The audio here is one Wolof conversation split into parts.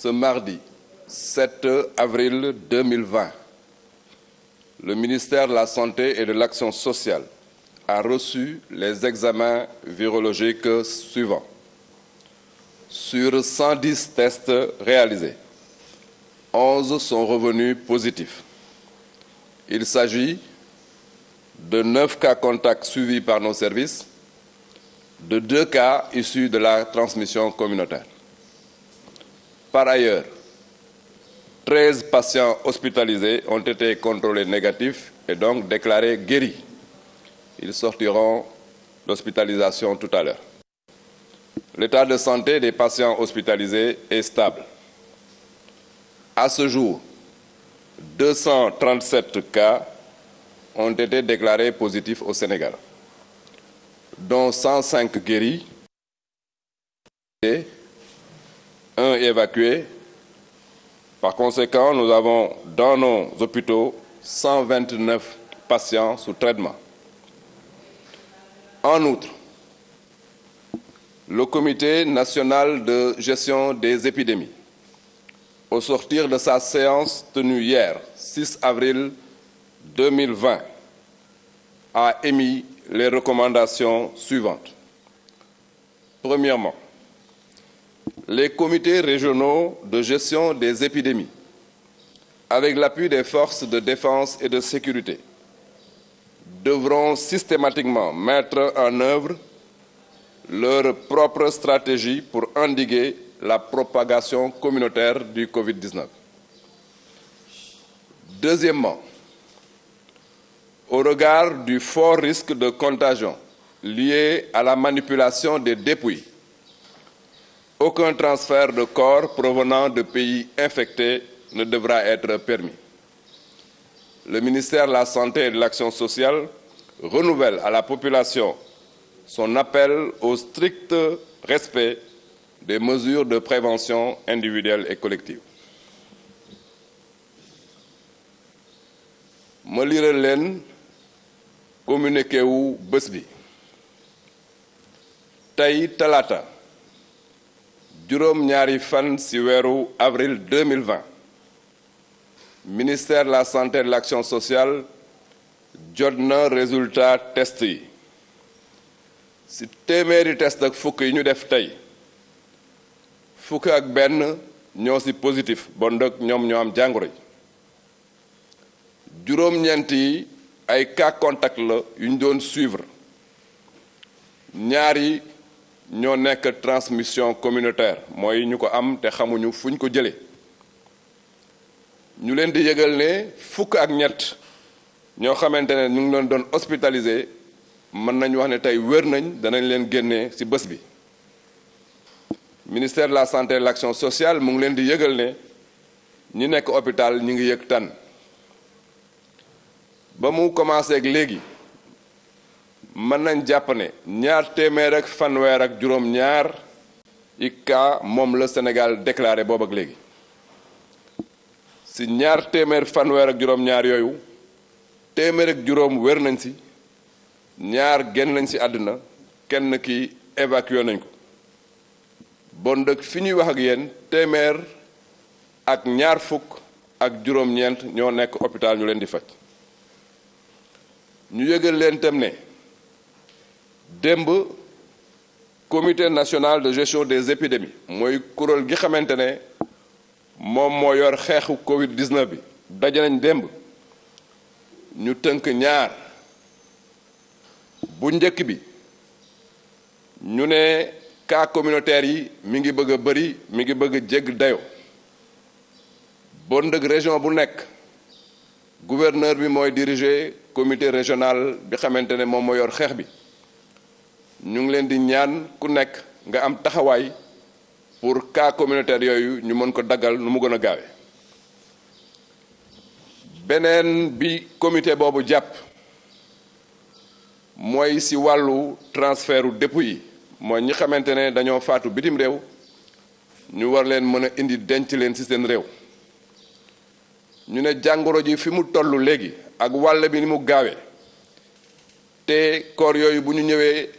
ce mardi 7 avril 2020, le ministère de la Santé et de l'Action sociale a reçu les examens virologiques suivants. Sur 110 tests réalisés, 11 sont revenus positifs. Il s'agit de 9 cas contacts suivis par nos services, de 2 cas issus de la transmission communautaire. Par ailleurs, 13 patients hospitalisés ont été contrôlés négatifs et donc déclarés guéris. Ils sortiront d'hospitalisation tout à l'heure. L'état de santé des patients hospitalisés est stable. À ce jour, 237 cas ont été déclarés positifs au Sénégal, dont 105 guéris et évacués. Par conséquent, nous avons dans nos hôpitaux 129 patients sous traitement. En outre, le Comité national de gestion des épidémies, au sortir de sa séance tenue hier, 6 avril 2020, a émis les recommandations suivantes. Premièrement, les comités régionaux de gestion des épidémies, avec l'appui des forces de défense et de sécurité, devront systématiquement mettre en œuvre leur propre stratégie pour endiguer la propagation communautaire du Covid-19. Deuxièmement, au regard du fort risque de contagion lié à la manipulation des dépouilles, aucun transfert de corps provenant de pays infectés ne devra être permis. Le ministère de la Santé et de l'Action sociale renouvelle à la population son appel au strict respect des mesures de prévention individuelle et collective. Durom ñaari fan ci avril 2020 ministère de la santé et de l'action sociale jot résultat test Si ci téeméeri test ak fukk yi ñu def tay. fukk ak Ben, ñoo ci positif bon donc nous ñoo am jàngoro yi juróom ay cas contact la ñu doon suivre nyari. ñoo nekk transmission communautaire mooy ñu ko am te xamuñu fuñ ko jëlee ñu leen di yëgal ne fukk ak ñett ñoo xamante ne ñu ngi leen doon hospitalisé mën nañu wax ne tey wér nañ danañ leen génnee ci bés bi ministère de la santé et l'action sociale mu ngi leen di yëgal ne ñi nekk hôpital ñi ngi yëg tànn ba mu commencé ak léegi mën nañ jàpp ne ñaar téeméer ak fanweer ak juróom-ñaar i cas moom la Sénégal déclaré boobu ak léegi si ñaar téeméer fanweer ak juróom-ñaar yooyu téeméer ak juróom wér nañ ci ñaar génn nañ ci àdduna kenn ki évacué nañ ko bon dëkk fi ñuy wax ak yéen téeméer ak ñaar fukk ak juróom-ñeent ñoo nekk hôpital ñu leen di faj ñu yëgal leen tam ne. le comité national de gestion des épidémies moy kuréel gi xamantene mom mo yor Covid 19 bi dajé nañ démb ñu teunk communautaire yi mi ngi bëgg région gouverneur bi moy diriger comité régional bi xamantene mom mo ñu ngi leen di ñaan ku nekk nga am taxawaay pour kaa communautaire yooyu ñu mën ko daggal nu mu gën a gaawe beneen bi comité boobu jàpp mooy ci wàllu transfertu dépôt yi mooy ñi xamante ne dañoo faatu bitim réew ñu war leen mën a indi denc leen ci seen réew ñu ne jàngoro ji fi mu toll léegi ak wàll bi ni mu gaawee te koor yooyu bu ñu ñëwee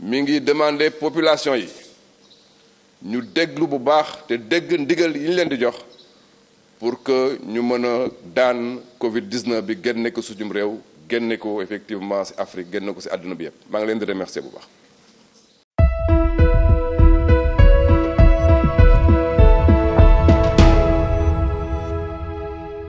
Mingi demander demandé population yi ñu déglu bu baax te dégg ndigal yi ñu leen di jox pour que ñu mën a daan Covid 19 bi génne ko suñu réew génne ko effectivement ci Afrique génne ko ci àdduna bi yëpp maa ngi leen di remercier bu baax.